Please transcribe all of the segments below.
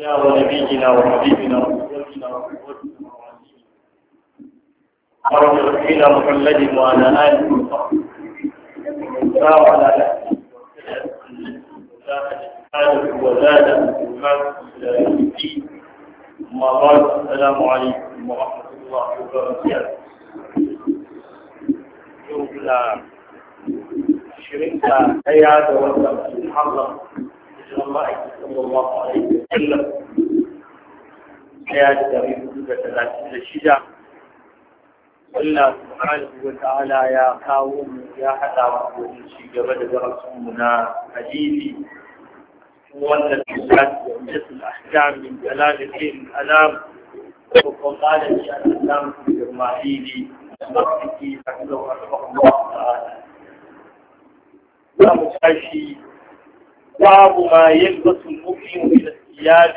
سيدنا ونبينا وحبيبنا وقدوتنا وقوتنا وعزيزنا ورب ربنا محمد وعلى آله وصحبه وسلم نفسه وزاد الإيمان إلى يوم الدين أما بعد السلام عليكم ورحمة الله وبركاته يوم الشركة هي هذا وسلم محمد الله صلى الله عليه وسلم حياته في حدود ثلاثين الشجع الله سبحانه وتعالى يا قوم يا حدا وقوم شيء قبل رسولنا حديثي ولا الإنسان ومجد الأحكام من جلال الحين الألام وقال لي الألام في الجرمائيلي وقتك فكله الله تعالى لا متعشي باب ما يلبس المؤمن من الثياب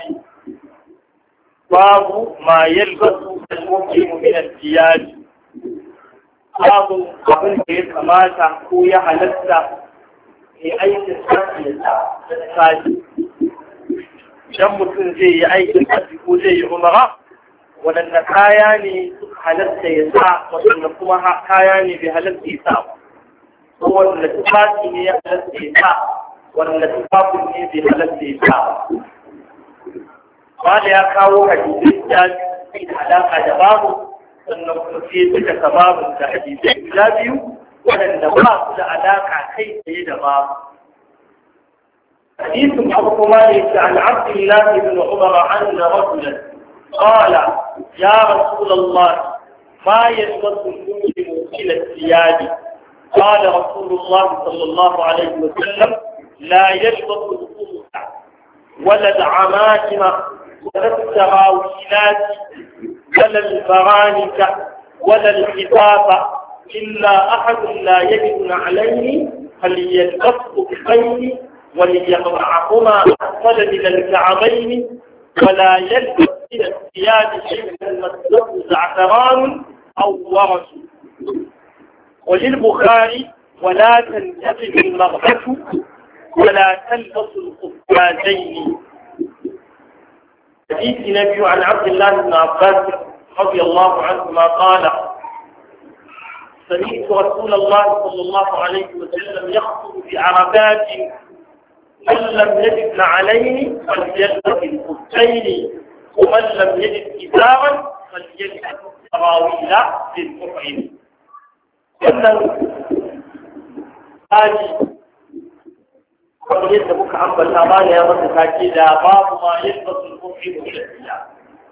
باب ما يلبس المؤمن من الثياب باب قبل كيف ما تنكو يا حلسة لأي تسكت شمسون زي أي تسكت وزي عمره ولن كاياني حلسة يسعى وشن كمها كاياني بحلسة يسعى هو الذي تسكت يا حلسة يسعى wanda tufafin ne bai halatta ya sa ba ya kawo hadisai da da alaƙa da babu sannan kuma sai duka sababin da hadisai guda biyu waɗanda ba su da alaƙa kai tsaye da babu حديث أبو مالك عن عبد الله بن عمر أن رجلا قال يا رسول الله ما يلبس المسلم إلى الثياب قال رسول الله صلى الله عليه وسلم لا يشبه الخمس ولا العمائم ولا التراويلات ولا البرانك ولا الخفاف إلا أحد لا يجد عليه فليلبسه بخير وليقرعهما أسفل من الكعبين ولا يلبس من الثياب شيئا مسلوب زعفران أو ورش وللبخاري ولا تنتقد المغفرة ولا تلبسوا القفازين حديث نبي عن عبد الله بن عباس رضي الله عنهما قال سمعت رسول الله صلى الله عليه وسلم يخطب بعربات من لم يجد عليه فليلبس الخفين ومن لم يجد كتابا فليلبس التراويل للمحرم. kamar yadda muka ambata ma ya masa take da babu ma yalbasu al-mu'min min al-thiyab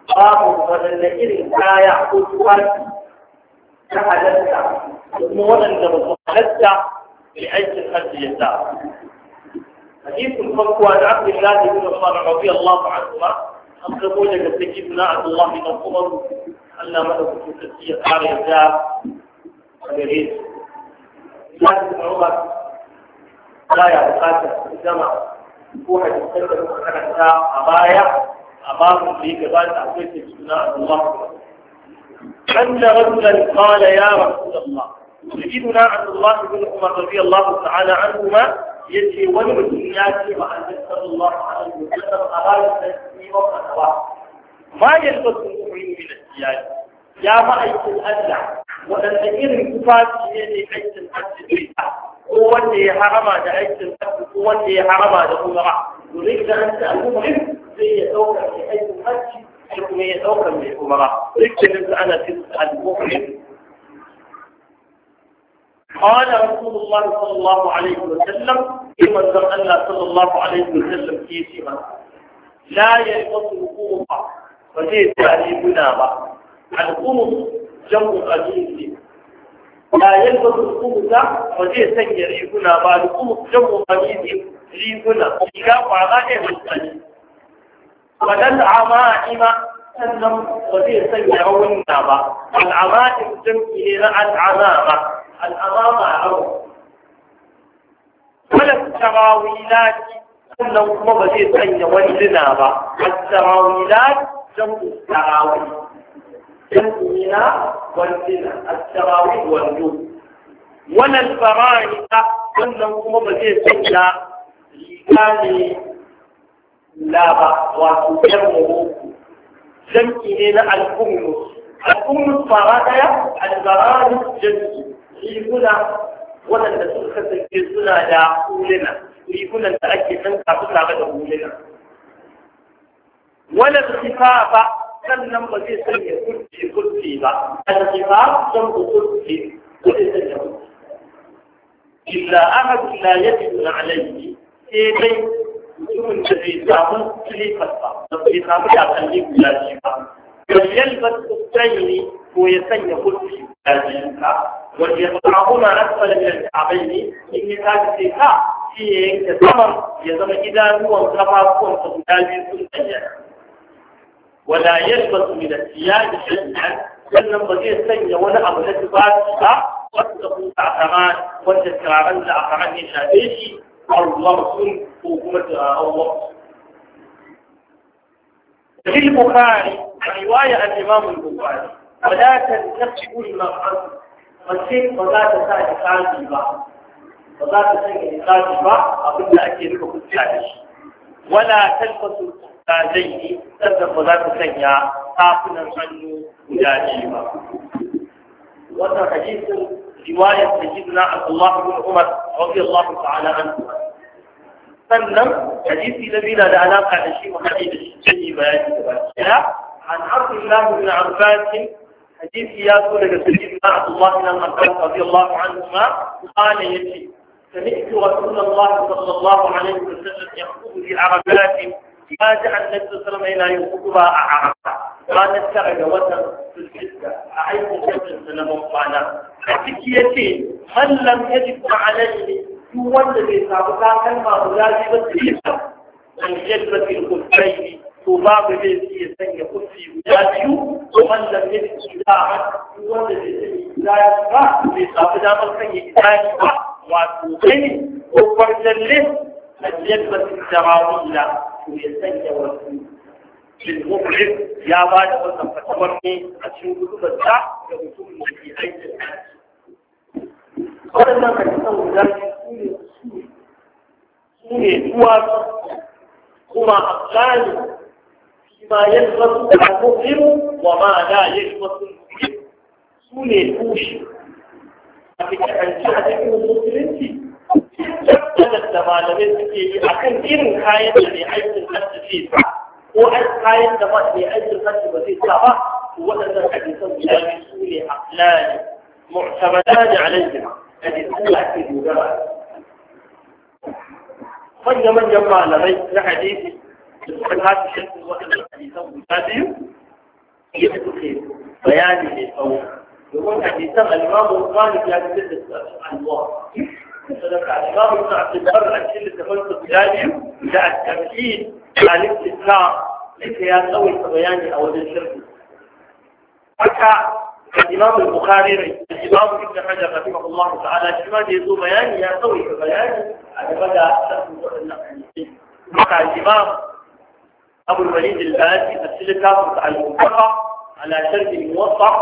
babu wadanne irin kaya ko tufafi ta halatta kuma waɗanda ba su halatta bi aikin hajji ya sa حديث الفقه عن عبد الله بن عمر رضي الله عنهما أن تقول لك سيدنا عبد الله بن عمر أن ملك الكسية قال يا جاب وليس عمر baya bukatar su zama ko hadisan da muka karanta a baya a babu da ya الله أن رجلا قال يا رسول الله يجدنا عبد الله بن عمر رضي الله تعالى عنهما يجي ولد ياتي مع النبي صلى الله عليه وسلم وقت واحد ما يلبس المؤمن من الثياب يا رأيت وأن ولن الكفار في يدي حيث الحج قوتي حرمة عيش الحق قوتي حرمة أمراء يريد أن تأمهم في أوكا في أي حج حكمي أوكا في أمراء اكتب أنا في المؤمن قال رسول الله صلى الله عليه وسلم كما ذكر الله صلى الله عليه وسلم في سيما لا يحفظ القوم وزيد تعليمنا عن قوم جمع عزيزي la yalbasu kumusa ba zai sanya riguna ba da kuma jan mutane ne riguna riga kwara ɗaya mutane ba dan ama'ima sannan ba zai sanya rawunna ba al'ama'in jam'i ne na al'amama al'amama a rawu wala tarawilati sannan kuma ba zai sanya wani lina ba al tarawilati jam'u tarawil الغناء والزنا التراويح والنوم wannan kuma ba zai sanya riga ne laba wato yan mawuku jam'i ne na al'ummus al'ummus fara daya al'arari jam'i riguna waɗanda sun suna da rigunan da ake san kafin tare da hulina wannan sifafa sannan ba zai sanya kurci kurci ba al-jima san ku kurci ko zai sanya kurci illa ahad la yajid alayhi sai dai mutumin da bai samu silifar ba da bai samu da kalli guda shi ba kalli ba tsayi ko ya sanya kurci da jinka wanda ya ta'ahuna asfala min al-ka'bayn in ya tashi sai ka shi ya yanke saman ya zama idanuwan kafafuwan guda biyu sun bayyana ولا يثبت من الزيادة شيئا ان الضجيج سيء ولا ابو لتفاتها واتقوا الاخران واتكرارا لاخران شابيش الله حكومه الله في البخاري رواية الإمام البخاري ولا تنتقبوا المرأة فالشيء فلا تساعد خالد البعض فلا تساعد خالد البعض أقول لك أكيد ولا تلبسوا ta zai yi sannan ba za ku sanya tafunan hannu guda biyu ba wannan hadisin riwayar da na Abdullah ibn Umar radiyallahu ta'ala anhu sannan hadisi na biyu na da alaka da shi muhalli da shi canji bayani da ba kira an harfi na ibn Abbas hadisi ya so daga sayyidina Abdullah ibn Abbas radiyallahu anhu ma kana yace سمعت رسول الله صلى الله عليه وسلم يخطب بعربات ya ji annabi sallama yana yin hutuba a arafa ranar tara ga watan zulhijja a aikin jami'in sa na bambana a ciki ya ce mallam ya ji ma'alalli duk wanda bai samu takalma guda biyu ba su yi ba an yadda fil ne to babu zai iya sanya kuffi guda biyu to mallam ya ji guda duk wanda bai sanya guda ba bai samu damar sanya guda ba wato kai ko kwarjalle an yadda fil tarawih to ya sanya wasu cin mubrin ya ba da wannan fatawar ne a cikin gudunarsa da mutumin da ke aikin waɗannan a cikin kuma a gani shi ma yin wasu da mubrin wa ma da yin wasu mubrin su ne tushe a fi kakanci a maganar da malamai suke yi akan irin kayan da mai aikin hajji zai sa ko an kayan da mai aikin hajji ba zai sa ba waɗannan hadisan guda biyu su ne aflani mu'tamadani alaihim hadisan da ake dogara manya-manyan malamai na hadisi da suka tafi shirkin waɗannan hadisan guda biyu ya suke bayani mai tsawo domin hadisan alimamu malik ya fitar da su a cikin الإمام ابن عبد البر أكيد التفلسف الثاني ده على الاستثناء لقياس أو البيان أو الشرك حتى الإمام البخاري الإمام ابن حجر رحمه الله تعالى كما يزو بيان يا قوي على بدأ مع الإمام أبو الوليد الباسي السلكة على المنطقة على شرك الموصف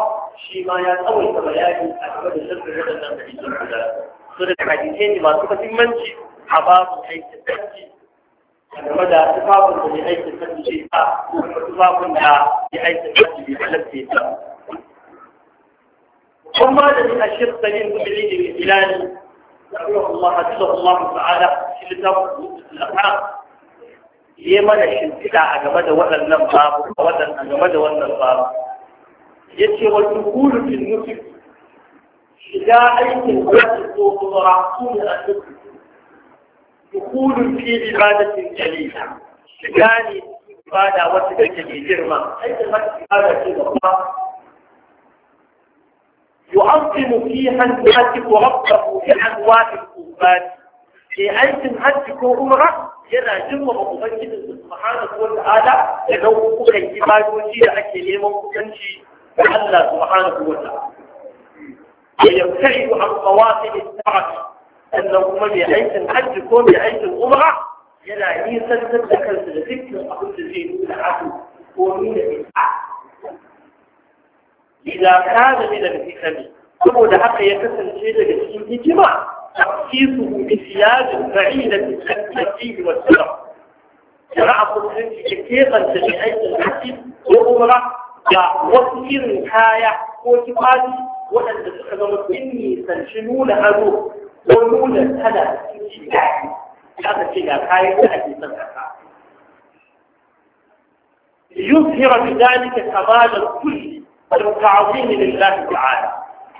شيما يا قوي بيان على بدأ شرط هذا النبي so da hadisai ne masu muhimmanci a babu aikin sarki game da tufafin da ne aiki sarki ce ko kuma tufafin da ya aiki sarki bai halatta ta kun ba da ni a shirin sanin gudunni da ilani رحمه الله حفظه الله تعالى في الأحقاق yi mana shimfiɗa a game da waɗannan babu a waɗannan game da wannan babu ya ce wani dukulu fil إذا أيضا ذات ومراحون الأسفل دخول في عبادة جليلة شجاني عبادة وتتجلي جرمة أيضا ما عبادة جرمة يعظم فيها الهاتف ربه في أنواع القربات في أيضا هاتف أمرة yana girmama ubangijin subhanahu wata'ala da nau'ukan ibadoci da ake neman kusanci da ويبتعد عن قواسم السرعة أنه من يعيش الحج كون يعيش الأمرة يلا يسجد لك الذكر أقول لذين العدو ومن إذا كان من الهتم أبو لحق يكسر شيء لجسيم هجمع تأسيسه بسياج بعيدة التأسيس والسرع جرع قدرت كثيرا جميعية الحج وأمرة وصير الحياة وكفاتي waɗanda suka إني sun nisanci nuna ado ko nuna tana cikin shi daɗi aka ce ga بذلك كمال الكل والتعظيم لله تعالى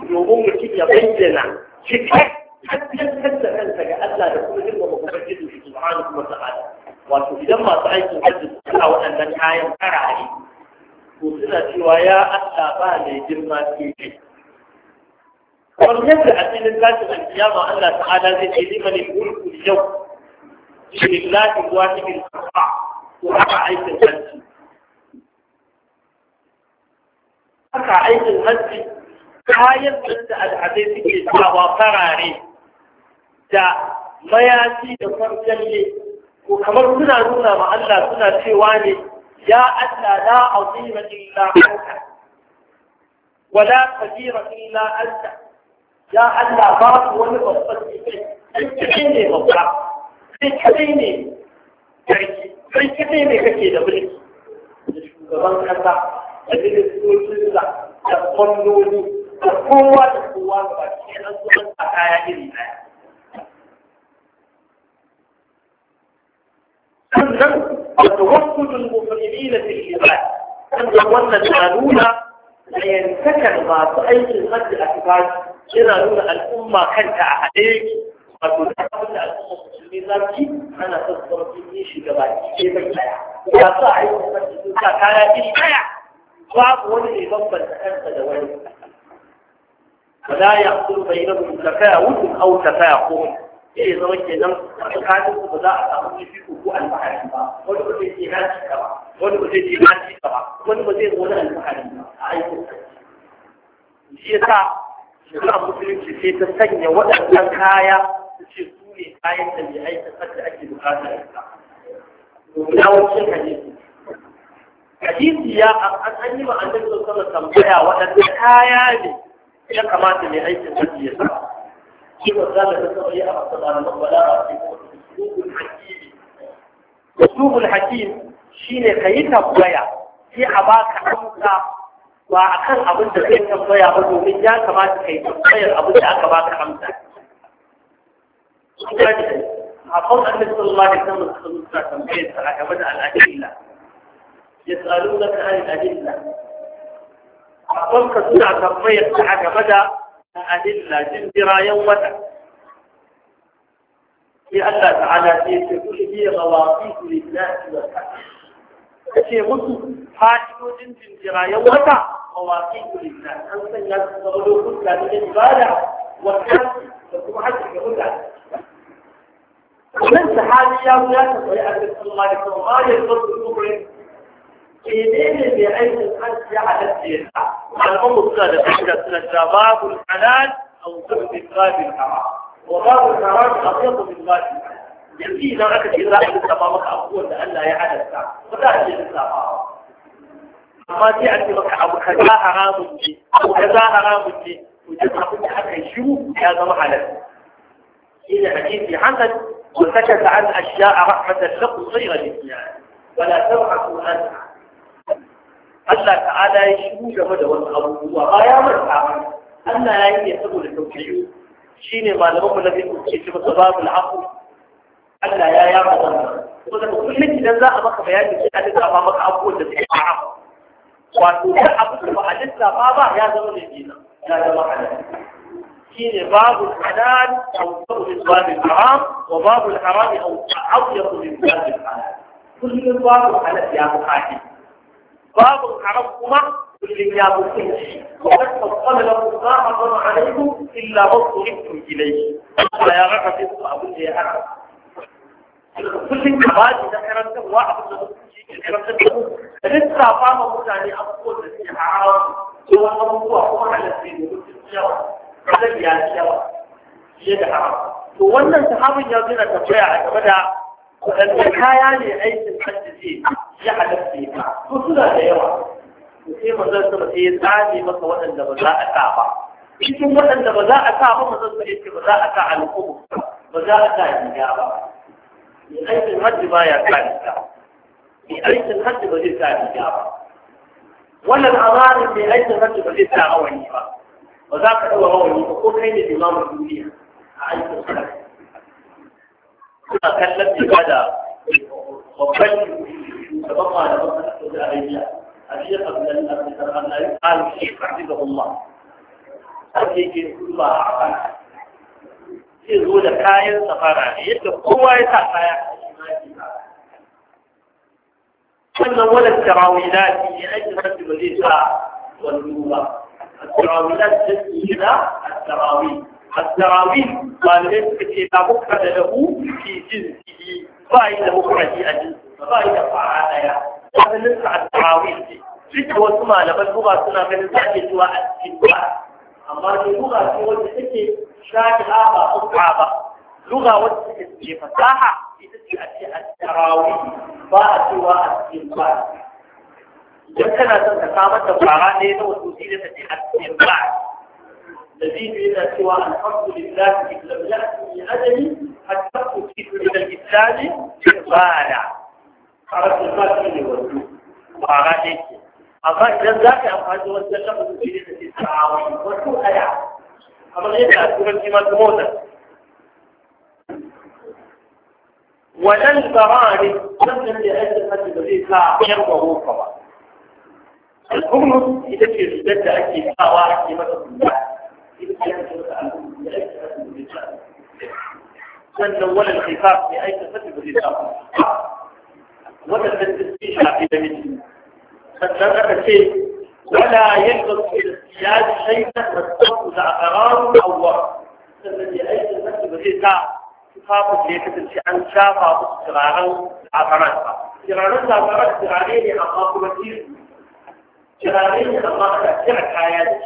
يقوم كي يبيننا شكاك حتى حتى أنت حتى يكون إلا مبجد سبحانه وتعالى وإذا ما تعيش مبجد أو أن الآية ترى عليه وصلت ويا أتى بالي جرما في kamar yadda a cikin tashin alkiyama Allah ta'ala zai ce liman mulku yau lillahi wahidil qahar ko haka aikin hajji haka aikin hajji kayan da al'adai suke sawa farare da mayaki da farjalle ko kamar suna nuna ma Allah suna cewa ne ya Allah la azima illa anta wala kabira illa anta يا الله باب ونقص فتحيني فتحيني فتحيني فتحيني فتحيني فتحيني فتحيني وتوسد المفرمين في الشباب ان ظن جالونا لينتكر ما تؤيد الغد الاعتقاد yana nuna al'umma kanta a haɗe wato da abin da al'umma musulmi za su yi ana son su zama sun yi shi gaba ɗaya bai ɗaya ba su a yi wani su sa kaya iri ɗaya babu wani ne bambanta kansa da wani na ta ولا يحصل kaya ko او تفاقم sai zama kenan a tsakanin ba za a samu kifi ko alfahari ba wani ba zai ce na ci ba wani ba zai ce na ci ba wani ba zai wani alfahari ba a aikin shi yasa shekara musulunci sai ta sanya waɗannan kaya su ce su ne kayan da mai aikata da ake bukatar ka domin wancan hadisi hadisi ya an yi ma annabi sallallahu tambaya waɗannan kaya ne ya kamata mai aikin hajji ya sa shi ba za ta taɓa yi a masana na wala a cikin hakimi usulul hakim shine kayi tambaya sai a baka amsa ba a kan abin da kai tambaya ba domin ya kamata kai tambayar abin da aka baka amsa حفظ النبي صلى الله عليه وسلم خلصة الأدلة يسألونك عن الأدلة حفظك سنة بيت على بدأ الأدلة جندرا يومك لأن تعالى في كل هي غواطيس للناس والحق أشياء مصر فاتحوا جندرا يومك مواقيت للناس أنت الناس تغلو كل هذه العبادة والناس تكون حتى يقول ومن سحابي يا ولاد ويأكل صلى الله عليه وسلم ما يرفض المؤمن إليه بعين الأنس على الدين والأم الثالث عند سنة باب الحلال أو سبب باب الحرام وباب الحرام أخيط من باب الحلال يمكن أن أكد إذا أكد تمامك أقول لأن لا يحدث ولا أجل السابعة amma sai a ce maka abu kaza haramun ce abu kaza haramun ce to duk abin da aka shiru ya zama halal ina hadisi hasan wa sakata an ashya'a rahmatan lakum ghayra al-isyan wala tabhasu anha Allah ta'ala ya shiru game da wasu abubuwa ba ya manta Allah ya yi saboda tausayi shine malaman mu na biyu ke cewa sababul aqul Allah ya yafa wannan kuma kullum idan za a maka bayani sai a dinga ba maka abubuwan da suke haram wato duk abu da ba a lissafa ba ya zama mai gina ya zama halal shi ne babu halal au sabu min babin haram wa babu haram au ta'awiyatu min babin halal kullum babu halal ya buƙaci babu haram kuma kullum ya buƙaci wa qad fassala lakum ma harrama alaykum illa ma turibtum ilayhi Allah ya raka fi abin da ya haram kullum ka ba da karantarwa abin da لسه فاهمه متعني أقول لك حرام هو الموضوع هو على الدين والسيارة على السيارة يد حرام وأن صحابي يضينا تفاعل بدأ الحكاية لعيش الحديثين يحدث فيها وصلها ليوم sai manzon sama sai ya tsage masa waɗanda ba za a sa ba cikin waɗanda ba za a sa ba manzon sama yake ba za a sa alƙubu ba za a sa riga ba aikin hajji ba ya sa riga في أي الخط بجيب ساعة ولا الأمانة في أي الخط بجيب ساعة أول نفا وذاك هو هو نفا حين الإمام الدولية أي الخط كنا كلمت هذا وبل تبقى على مصر الشيخ ابن الأبن قال الشيخ حفظه الله أرجيك كل أعطاك في غولة كاين سفارة يتبقى هو يتبقى كان ولا التراويلات لأجل رجل الإساء والنورة التراويلات إلى التراويل التراويل قال لك إذا مفرد له في جنسه فائدة في أجل فائدة فعالية هذا نسع التراويل دي فتح وثمانة بل هو سنة من ذلك سواء السواء أما اللغة في وجهة شاك هذا أصعب لغة وجهة في فتاحة sai a ce at ba a cewa at-tinbar idan kana son ka samar da fara ɗaya na wasu sai da ce at da zai yana cewa alhamdulillah lam ya'ti ajali hatta tuqitu min al-islam ba'da harafin ba shi ne wasu fara ɗaya ke amma idan za ka yi amfani da wasu lafazin sai da ce wasu aya kamar yadda a turanci ma motar. wannan barani wannan da ake hajji ba zai sa yan gwaro ka ba al'ummu ita ce rigar da ake sawa ake masa kuma ita ce ake masa al'ummu da ake hajji ba zai sa sannan wannan khifaf ne ake hajji ba zai sa wannan da ta shafi da miji sannan aka ce ولا يجب في الاحتياج شيئا والصوت اقرار او وقت الذي ايضا نفسه بشيء خاف ليك ان شاف استغراقا عفانا استغراقا استغراقا استغراقا اخاف كثير استغراقا الله تاثير حياتي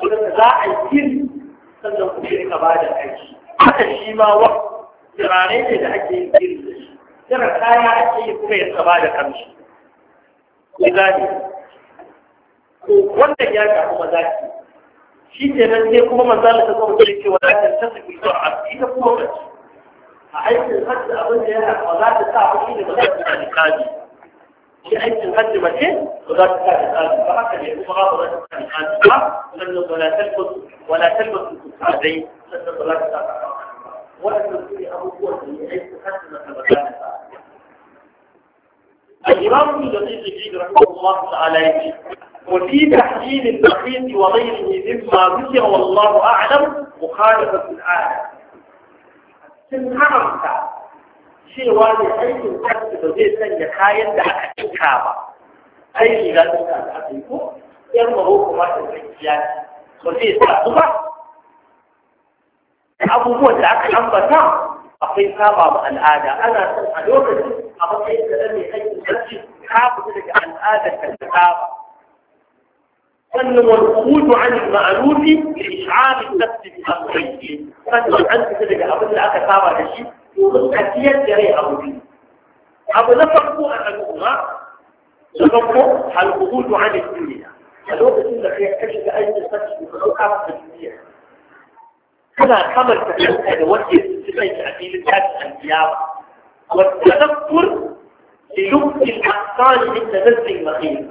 كل ذا هناك تنظر في قبائل الحج حتى الشيما وقت استغراقا لحج الكل ترى كايا اكي يكون يتبادل كمشي لذلك وانت جاك عمو ذاكي شيء جنان هي كما مزالة تقوم بشيء ولكن تصف بسرعة إذا كما مزالة aikin hajji abin da yana ba za ta sa kuɗi da ba za ta sa nikali shi aikin hajji mace ba za ta sa nikali ba haka ne kuma ba za ta sa nikali ba sannan ba la talbas wala talbas kusadai sannan ba za ta sa wannan su ne abubuwan da ya aikin hajji mace ba za ta sa الإمام ابن دقيق الجيد رحمه الله تعالى وفي تحليل الدقيق وغيره مما ذكر والله أعلم مخالفة الآية sun haramta cewa ne aikin kansu ba zai sanya kayan da aka ɗinka ba ai riga sun ka da aka yi ko yan maroko ma da tsakiya ba zai sa su ba abubuwan da aka ambata akwai saba ma al'ada ana son a lokacin a matsayin da ɗan mai aikin kansu ka fita daga al'adar da ta saba أنه الخروج عن المألوف لإشعار النفس بأمره فأنه أنت تلك أبدا أكثر هذا الشيء جري أبو نفقه أن الخروج عن الدنيا الوقت اللي يكتشف أي نفس في الدنيا كما خمر تحدث السبيل في الأنبياء والتذكر للب الأحصان من تنزل مخيل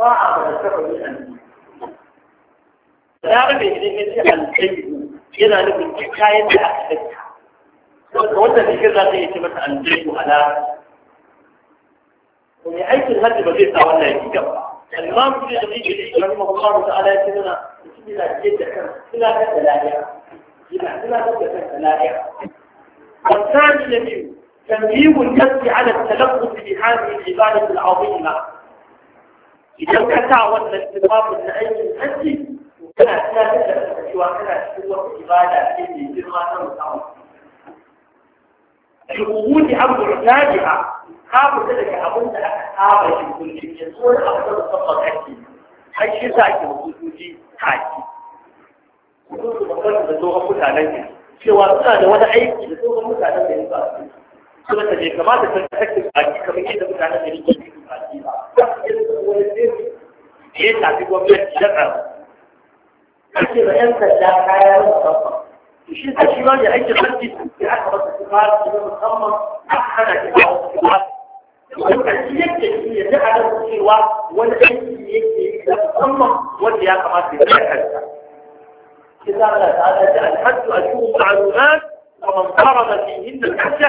في ومن أي الهدف بغيرها ولا يجب الإمام ابن أبي رحمه الله تعالى يقول والثاني الذي تنبيه النفس على التلفظ بهذه العبادة العظيمة idan ka sa wannan tufafin na aikin hajji kana tunatar da kanka cewa kana cikin wata ibada ce mai girma ta musamman shuguguti an burtajiha ka fita daga abin da aka saba shi kullum ya zo da abin da musamman ake har shi sa ke hukumoji kaki kuma su babbar da tsohon mutanen ne cewa suna da wani aiki da tsohon mutanen da ya ba su kuma ta je kamata ta tattakin baki kamar yadda mutanen da ya ke gwamnati ba za su iya da wani zai ya shafi gwamnati da tsaro ake da yan sanda kaya na musamman shi ta shi ma ne ake sarki da aka masa kifafi na musamman aka hana shi ba wasu kifafi lokaci yake shi ya ji adam cewa wani aiki yake yi da musamman wanda ya kamata ya kai kansa إذا قال الحج أشهر معلومات ومن فرض فيهن الحج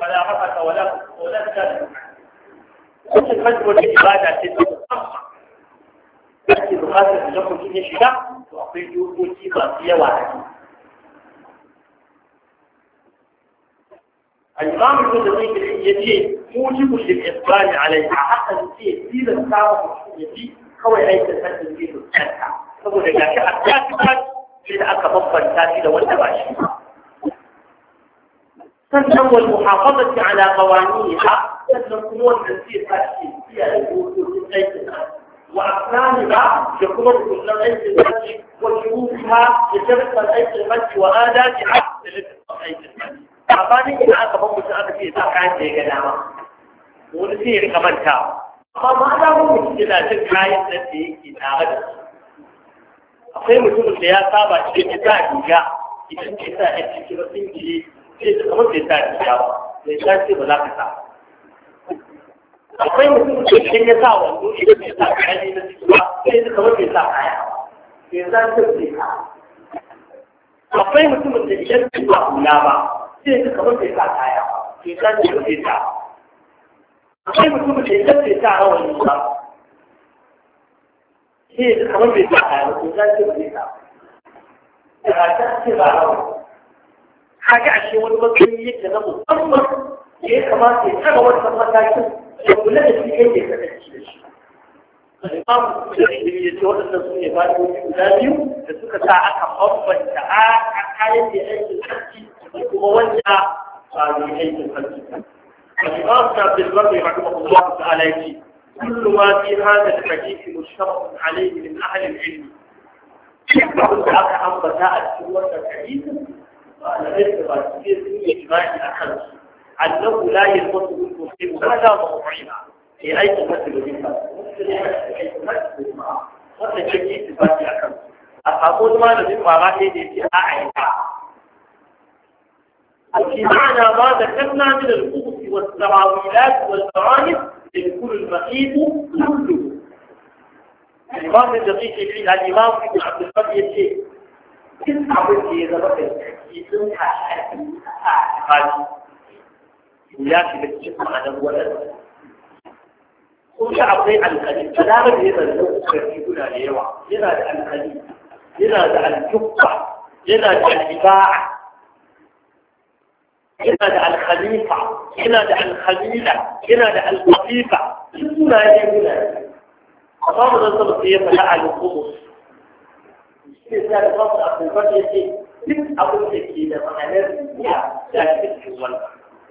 فلا رفث ولا ولا تنسى كل المجد والعبادة تتبقى لكن بخاطر تجمع كل شيء وأقول جوجي باقية واحدة الإمام الجزري بالحجية موجب للإقبال عليها حتى نسيه في الساعة والحجية kawai aikin sanin gido kanta saboda ga shi a tafiya shi da aka babbanta shi da wanda sannan kuma wanda zai sa shi kiyaye dokokin aikin hajji وأقسامها يكون كل عيد المجد وشروطها لشرط العيد المجد وآلاتها لشرط العيد المجد. أعطاني إن أنا بقوم بشأن في إطاقة زي كلامة. ونسير كمان كام. فما له مشكلة شرط عيد التي إطاقة. akwai mutumin da ya saba shi ya sa riga idan ya sa ya ci kiro sun ji sai kamar bai sa riga ba bai sa ce ba za ka إ 我飞不这么紧，今天上午读一个雪山台，你这怎么雪山台啊？赛山这么长。啊，飞不这么紧，今天下你知道吗？这怎么比赛？台啊？雪山这么长。我飞不这么紧，今天下午你知道吗？这怎么雪山台啊？雪山这么长。哎，讲起来了，他我怎么跟你讲的是，怎么你他妈你这个他妈在听。kula da shi kai ke kasance da shi imam da ilimi ya ce waɗanda su ne fa'idoji guda biyu da suka sa aka bambanta a kayan da aikin hajji da kuma wanda ba mai aikin hajji الإمام عبد البر رحمه الله تعالى يقول كل ما في هذا الحديث مشترك عليه من أهل العلم يقول أكا أنبتاء السورة الحديث وأنا غير كثير من إجماع الأخرس عنه لا يثبت المسلم ولا طبعينا في أي تمثل منها المسلم يحسن أي تمثل معه وقت شكي تباتي أكبر أقول ما نزل وراحي في معنى ما ذكرنا من الخبز والسراويلات والمعانف إن كل المخيط الإمام الدقيق يقول الإمام عبد الفتح يشيء وياك بتشوف معنا الولد وش عطي عن الخليل تلاغب هنا اللوء كثيرنا ليوع هنا عن الخليل هنا عن الجبطة هنا عن الإباع هنا عن الخليفة هنا عن الخليلة هنا عن القطيفة كلنا هنا فضل تلقيت على الخمس مش مثال فضل أقول فضل يتي من أقول تكيلة معنا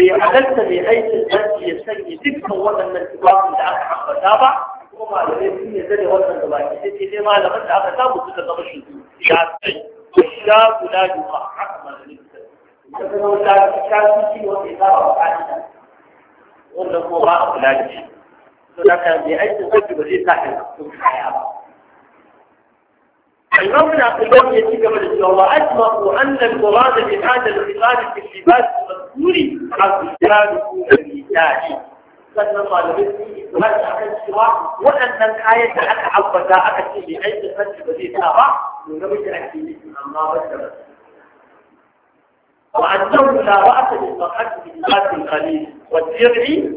عدلت بحيث الناس يستجي ذكر وطن من تباهم لعب حق تابع وما لديهم يزالي وطن دباهم يستجي لما لغت عقا تابع وكذا تبشي شعب الشاب لا يقع حق ما لديهم يستجي الشاب يستجي وطن تابع وكذا وطن مباهم لا يستجي ذكر بحيث الناس يستجي ذكر وطن من تباهم لعب حق تابع علمنا في اللغة يتيجى من الجواء أجمق أن المراد في هذا الرقاد في الحباس المذكوري حق الجهاد يكون في الجاهي فأنا طالبتني إذا ما أتحدث وأن الآية أتعب فتاعة في أي فتح بديت أرى ونمت أكيد من الله وجبت وأنه لا رأس للمحك في الجهاد القليل والجرع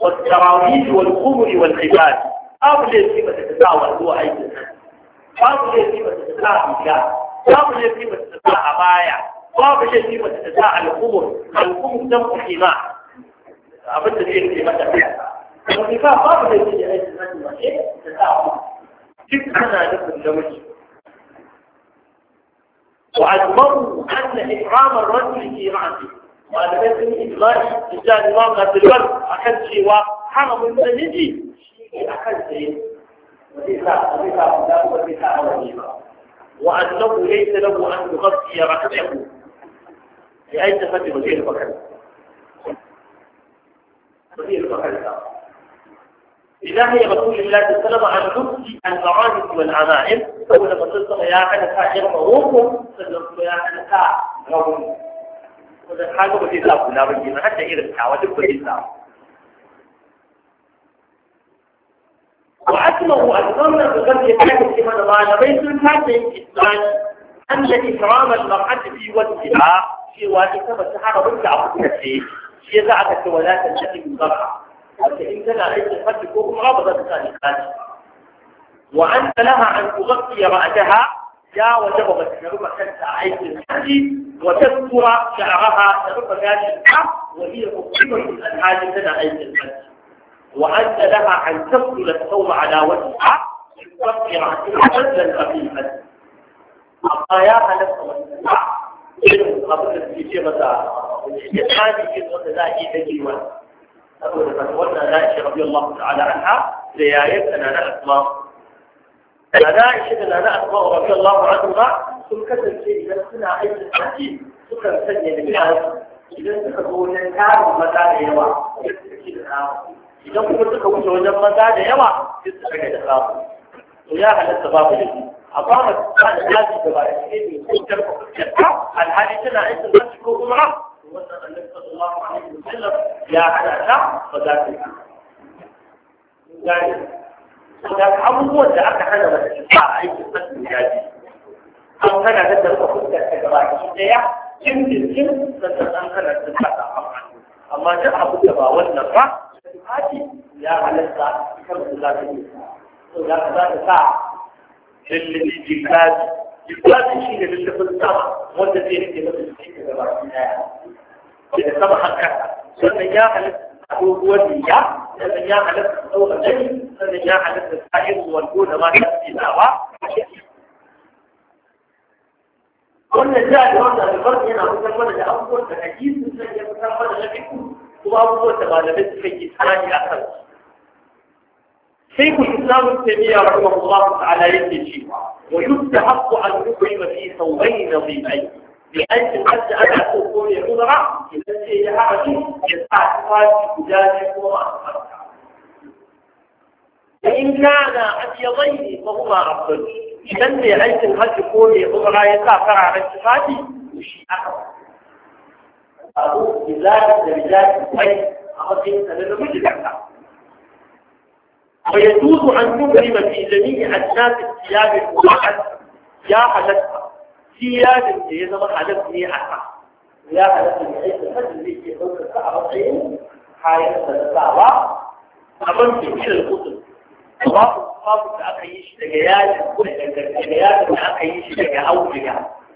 والتراويح والخمر والعباد أو ليس كما تتداول هو أي فتح babu laifi ba ta sa hujja babu laifi ba ta sa a baya babu laifi ba ta sa al'umur al'umur dan kuhima abin da zai ke mata wani ba babu laifi da aiki na mace ta sa hujja duk ana nufin namiji وأجمعوا أن إكرام الرجل في رأسه وأنا لازم إجماعي إجاء الإمام عبد البر أكد شيء وحرم الزهدي شيء أكد شيء وأنه ليس له أن يغطي رأسه لأي تفدي وزير البكر وزير البكر بنهي رسول الله صلى الله عليه وسلم عن نفسي المعارف والعمائم فهو لما تصدق يا حدثا يرموهم صدق يا حدثا غمهم وذلك حاجة بسيطة أبو لا بجينا حتى إذا بتعوى تبقى بسيطة وأسمه أسرارنا بغض يتاكد كما نظام بيت الفاتح الإسلام أن إكرام المرأة في وجهها في واجهة بسحر وانت عقدنا فيه في ذاعة التولات التي من ضرعة وإن كان عيد الحد كوكم رابضة الثاني وأنت لها أن تغطي رأسها يا وجب مسحرمة كانت عيد الحد وتذكر شعرها ترفع ذلك وهي مقيمة الأنهاج لنا عيد الحد وأنت لها أن تفصل الثوب على وجهها تفكر عدلا خفيفا أما يا هلك في قبل الإجابة الإجابة كذا لا يدجيوان أقول فتولى أن رضي الله تعالى عنها ليايتنا نأسمار نائشة لنا أسمار رضي الله عنها سلكة الشيء إذا كنا عيد الحديث سلكة سنة لله إذا سلكة أن كارو مدار يوا idan kuma suka wuce wajen maza da yawa sai su daga da samu to ya halatta babu da shi a ba mu ta da yaji da ba shi ne ko tarko ta alhali tana aikin da ko umra wannan annabi sallallahu alaihi wasallam ya hada ta ba za ta yi gani da abubuwan da aka hana mata shi ba aikin sanin yaji an hana ta da rufe fuskar ta gaba ki daya kin kin sannan an hana ta ta amma duk abu da ba wannan ba haji ya halatta kan da za ta yi to ya za ta sa lillin jikaji jikaji shi ne lillin sama wanda zai rike masa jikin da gaba daya da sama haka sannan ya halatta abubuwan riya sannan ya halatta tsawon gani sannan ya halatta sa'ir wando da ma ta fi sawa wannan ja da wannan albarka yana fitar mana da abubuwan da hadisin nan ya fitar mana na fiku kuma abubuwan da malamai suka yi tsari a kan شيخ الإسلام ابن تيمية رحمه الله تعالى يكتشف ويستحق أن يحرم في ثوبين نظيفين لأجل حتى أن تكون عذرا التي هي حرج يتعرفان بجانب وما فإن كان أبيضين فهما أفضل إذا لأجل هل تكون عذرا يتعرفان على الصفات وشيء أخر أبو إزالة درجات الحج أخذت أن نمجد عنها ويجوز أن نكرم في جميع أجناس الثياب الموحد يا حلتها ثياب هي زمن حلتني أحسن يا حلتني عيسى الحج اللي في حلتها الساعة 40 حاجة الساعة أمام تكبير القدر الله سبحانه وتعالى يشتغيات كل الجنجيات اللي أخيش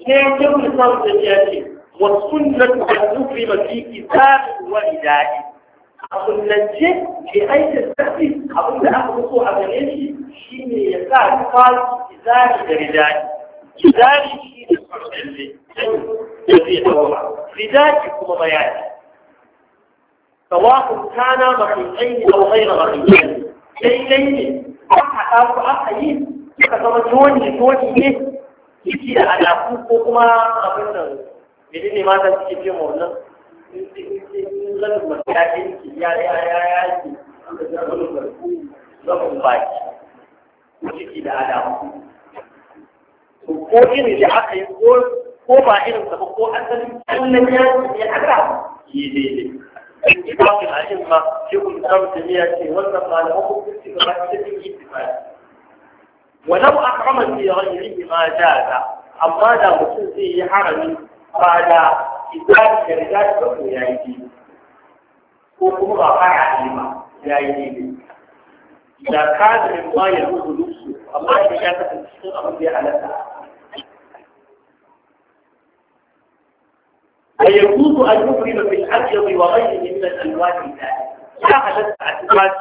sai jirgin sarrafa والسنة أن في كتاب وإداء أقول لنجي في أي تستخدم أقول لها أقول أبنيشي شين يسار قال إزاري لرداني إزاري شين يسرسلي جزيء دورة كما بياني سواء كان مخيطين أو غير مخيطين شيئين أحد أو أحد يكتب جوني جوني ciki da alaƙu ko kuma abin nan mene ne mata suke fiye ma wannan in zan mace ya yanki ya ya ya ya zan zafin baki ko ciki da alaƙu ko irin da aka yi ko ko ba irin sa ba ko asalin kallon yanki ne aka yi daidai ba ma, shi kun samu da ya ce wannan malamakon kusurwa ba ta cikin ولو أحرم في غيره ما جاز أما دا مسلم فيه حرم بعد إذا يا فهو يأيدي وكم غفاء يا يأيدي إذا كان مما يقول نفسه أما إذا كانت تشتغل في بألتها ويجوز أن يكرم في الأبيض وغيره من الألوان الثانية لا حدث اعتقاد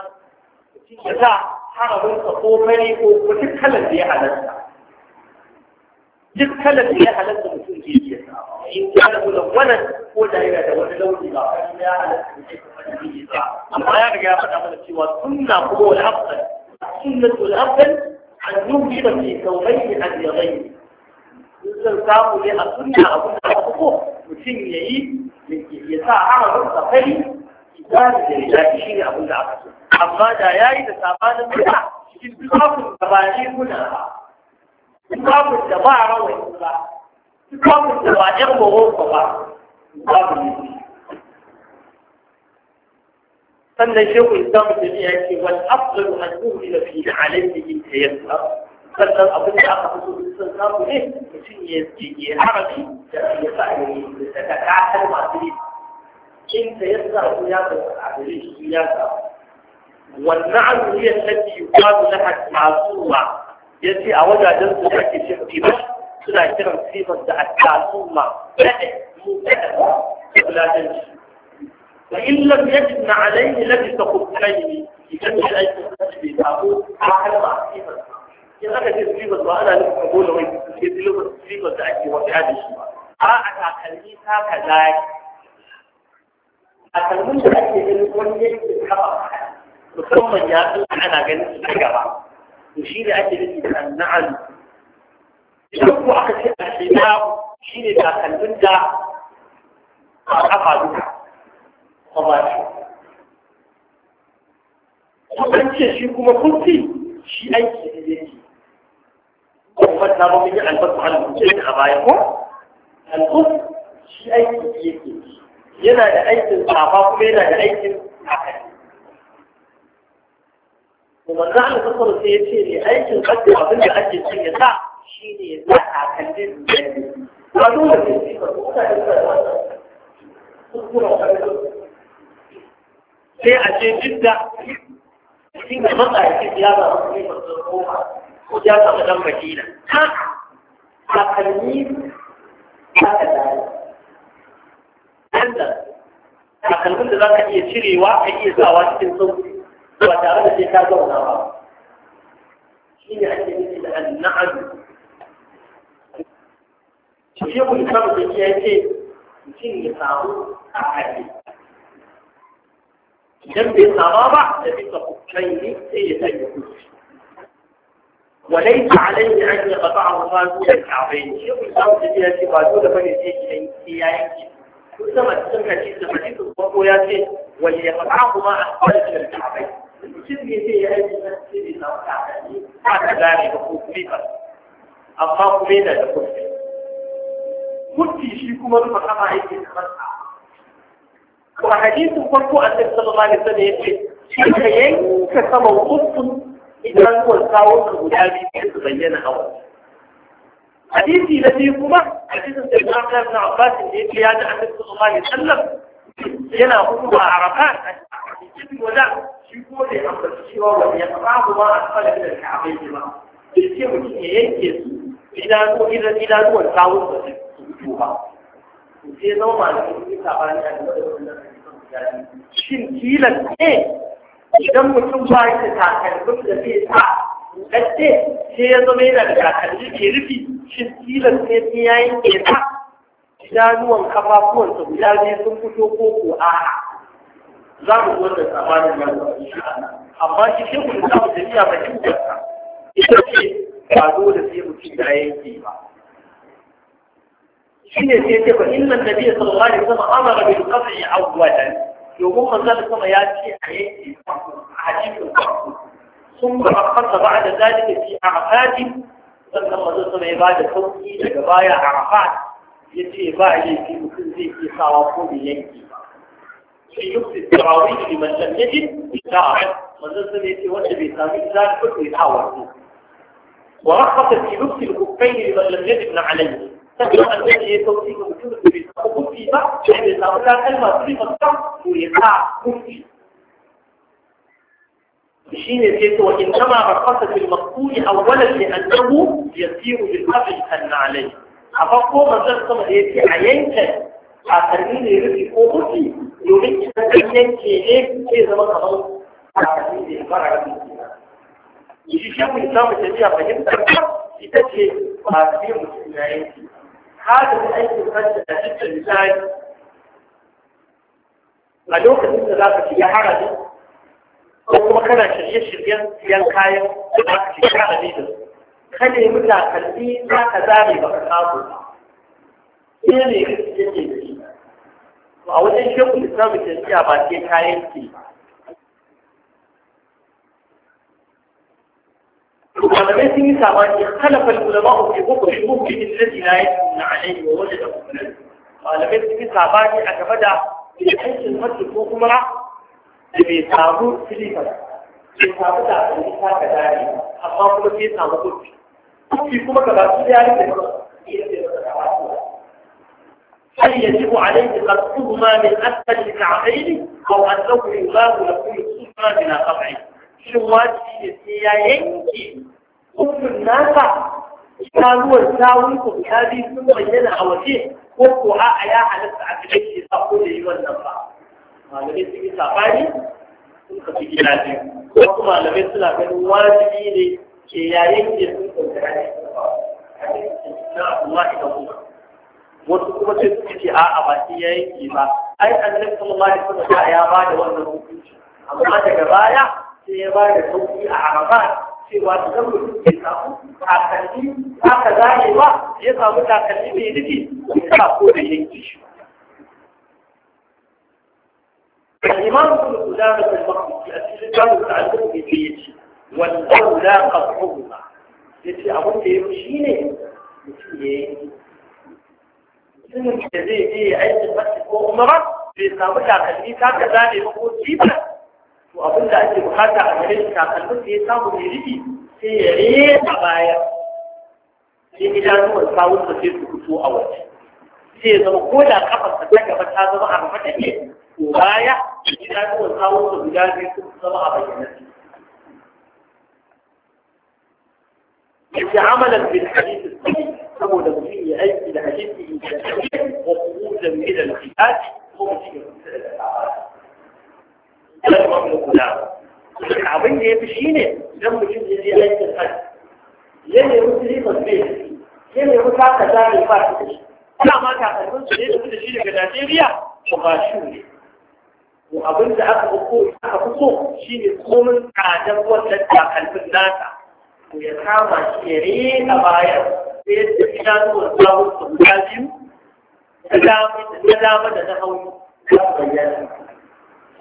haramunka ko fari ko duk kalar da ya halatta duk kalar da ya halatta mutum ke iya sawa in ya da wannan ko da yana da wani launi ba kan ya halatta mutum zai iya sa amma ya riga ya faɗa mana cewa sunna kuma wal afdal sunnatul afdal an yubida fi sawbayhi an yadayhi zan samu ne a sunna abin da ko mutum ya yi ya sa haramunka fari ذلك لله شيء أبو العبد أما دا ياي دا سابانا ملا شكل بقاف الزباني هنا بقاف الزباع روي بقاف الزباني غمو بقاف بقاف sannan shehu islam da ya ce wal afdalu an tuhila fi alayhi tayassar sannan abin da aka fito sun samu ne mutum ya ce ya harami da ya sa ne da ta kasar masu ne إن تيسر سياسة العملية سياسة والنعم هي التي يقال لها المعصومة يأتي أوجه جلسة تحكي شيخ دمشق سنة كرم صيغة التعصومة لا تنشي فإن لم يجد عليه لبس خفين يجب أي تنشي بيتابو أحد معصيمة إذا كانت صيغة وأنا لم أقول ويجب صيغة تأتي وفي هذا الشيء أعطى آه، كلمة كذلك a kalmin da ake ganin wani yankin haɓa musamman ya tsun ana ganin su ta gaba to shi ne ake nufi da anna'alu idan kuma aka ce a shida shi ne da kalmin da a kafa duka kuma shi ko an ce shi kuma kurfi shi aiki ne yake kuma ta ba mun yi albarku albarku ce a baya ko albarku shi aiki ne yake yana da aikin safa kuma yana da aikin akali kuma za a kasar sai ya ce ne aikin kasu abin da ake cin ya sa shi ne ya sa a kallin da dole ne shi da ya ce ya ba ya dan canza takalmin da za ka iya cirewa ka iya sawa cikin sauki ba tare da sai ka zauna ba shi ne ake nufi da anna'adu shi ya kuma samu da iya ce mutum ya samu a haɗe idan bai sama ba da bisa kukai ne sai ya sanya kuci وليس عليه أن يقطعه هذا الكعبين، شيخ الإسلام تجي أن تبادل فني سيكي أن يأتي sama cikin hadisi hadisin farko ya ce wal yaqahu ma ahwal al ka'bayn mutum ne zai yi aiki na sirri na wata ba ta gane da ko kuma amma kuma yana da kuma mutti shi kuma rufa kama aiki da masa ko hadisin farko sama annabi sallallahu sani ya yace shi ka yanka sama uffun idan kun kawo ka guda biyu su bayyana hawa hadisi na biyu kuma hadisin da ya kai na Abbas da yake ya ji Annabi sallallahu alaihi yana hudu a raba a cikin wada shi ko da ambaci cewa wani ya fara ma a fara da Ka'aba ne ba sai mutum yanke su idanuwan tawun ba su fito ba sai zama malamin ya saba a da wannan shin tilan ne idan mutum ba ya takalmin da zai sa rudadde sai ya zama yana da takalmi ke rufi shi tilan sai sun yayi ƙeta idanuwan kafafuwansa guda biyu sun fito ko ko a za mu wannan tsamanin nan amma shi shi kun samu tafiya ba shi ita ce ba dole sai mutum ya yanke ba shine sai ce fa inna nabiy sallallahu alaihi wasallam amara bil qat'i awwalan domin manzon sama ya ce a yanke a hadisin ثم أخذ بعد ذلك في عرفات ثم أخذ عبادة في لقضايا عرفات يجي بعد في مكنزي في صواب بيجي في يقص التراويح لمن لم يجد إشاعة وزلزل يجي وجه بيسامي ذات كله يتعور ورخص في لبس الكفين لمن لم يجد عليه تجد أن يجي توصيك مكنزي في صواب فيما يعني إذا أولا ألمى في مصر ويتاع شيء سيت وإنما رقصة المقتول أولا لأنه يسير بالقبل أن عليه أفقه إيه؟ إيه من ذلك ما يسي عينك أترمين يرسي قوتي يريد أن ينكي إيه في زمان خلاص أترمين يبرع shi shi mu samu tafiya fahimtar ita ce ba su yi mutum na yanki haka da aikin kanta a ko kuma kana shirye-shiryen siyan kayan da za ka shiga a da su ka nemi takalmi za ka zame ba ka samu ne ne yake ci a wajen shekul islamu ke siya ba sai kayan ki malamai sun yi sabani khalafa ulama fi hukmi hukmi alladhi la yasna alayhi wa wajada malamai sun yi sabani a game da aikin hajji ko kuma هل يجب عليه قصدهما من أسفل الكعبين أو أنه يباه له يصفهما من قطعه شو واجب يا ينكي كل الناس كانوا الزاوي كبهذه ثم ينعى وجيه وقعاء يا حلف عبد الشيء أقول لي والنفع malamai sun yi sabani sun kafi gida biyu wasu malamai suna ganin wajibi ne ke yayin da sun ɗauki hadisi na Allah idan kuma wasu kuma sai suka ce a'a ba shi ya yanke ba ai annabi sallallahu alaihi wasallam ya ba da wannan hukunci amma daga baya sai ya ba da sauki a Arafa cewa da zan mutum ya samu takalmi aka zane ba ya samu takalmi mai nufi ya sa ko da yanke shi الإمام ابن قدامة المقدسي أسئلة كان متعلق ببيتي والدولة قطعهما yace abin da ya fi shi ne mutum ya yi mutumin da zai je ya aiki fasi ko umara bai samu takalmi ta zane ko jiba to abin da ake bukata a gare shi takalmin da ya samu mai riki sai ya rena baya sai idanuwan sawun da sai su a waje sai ya zama ko da kafarsa ta gaba ta zama a rufe take وبايع إذا هو الخوف بجانب الصلاة بينتي إذا عملا بالحديث الصحيح فهو لو فيه أي الحديث إنسانية وخروجا إلى الخلاف هو شيء لا يؤمن كلام abin da ya fi shi ne idan mutum ya je aikin hajji ya nemi silifas ne ya nemi kaka zane ba su da shi ana ma kakarfin su ne da su da shi daga najeriya ba shi ne to abin da aka fi aka fi so shi ne komin tsadar wannan takalmin nasa to ya kama shi ya rena bayan sai yadda idanuwar sabon su guda biyu na dama da na hauni za su bayyana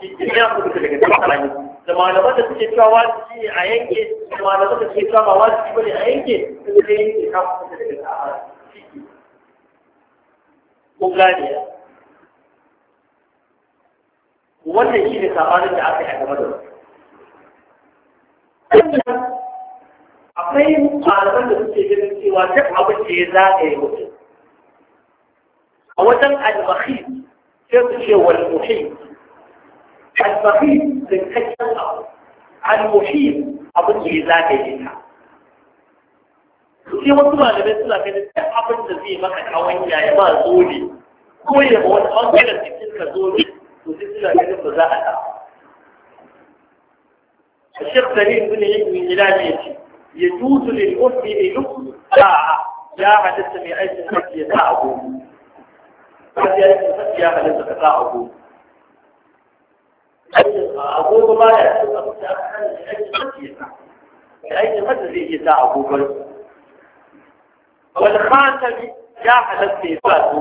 shi ke ya fi daga tsakalani da malaman da suke cewa wajibi a yanke da malaman da suke cewa ba wajibi bane a yanke sun sai yanke kafin daga tsakalani. Kun gane ya? wannan shi ne sabanin da aka yi a game da wannan akwai malaman da suke ganin cewa duk abin da ya zagaye mutum a wajen al-mahid sai su ce wal muhid al-mahid zinkakken abu al-muhid abin da ya zagaye ka sai wasu malamai suna ganin duk abin da zai maka kawanya ya ba zobe ko ya ba wani ɓangaren jikin ka zobe الشيخ سليم بن عيد من علاجه يجوز للأم لأم ساعة جاء لسه من أي سنة يتعبه يا هل تتعبه أبوه ما يحسن أبوه أحسن لأي مدى يتعبه والخاتم جاء لسه يتعبه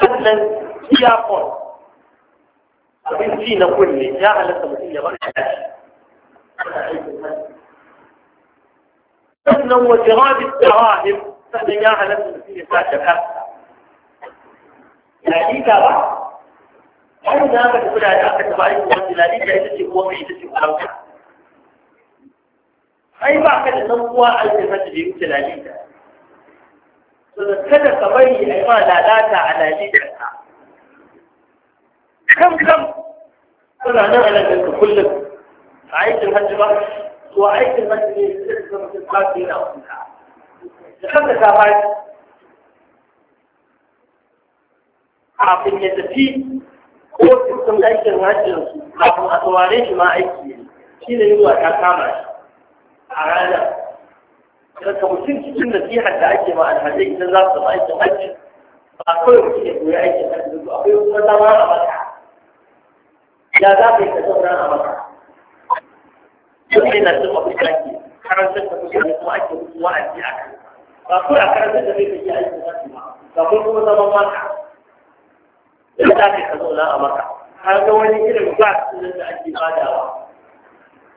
sannan iyakon abinci na kulle ya halatta mutum ya bar sannan wajen rabin tarahim sannan ya halatta mutum ya sa jakarta lalita ba har da aka tafi da aka tafi aiki wanda lalita ita ce kuma mai ita ce kulauta ai ba ka da san kuwa aljanna da ya wuce lalita kada ka bari a yi ma lalata a lalitarka kam kam suna nan a da kullum a aikin hajji ba to a aikin hajji ne su zai zama sun su yana kuka da kanka ta bari kafin ya tafi ko sun aikin hajjin su kafin a saurare shi ma aiki ne shi ne yiwuwa ta kama shi a ranar ka mutum cikin nasihar da ake ma alhaji idan za su aiki hajji ba kawai mutum ya koyi aiki hajji ba akwai kuma zama a maka ya za ka yi ka zauna a maka duk yana cin mafi kaki karantar da mutane kuma ake mutu wa'azi a kan ba kawai a karantar da mai tafiya aiki hajji ba ba kawai kuma zama maka ya za ka yi ka zauna a maka ka ga wani irin ba su da ake badawa.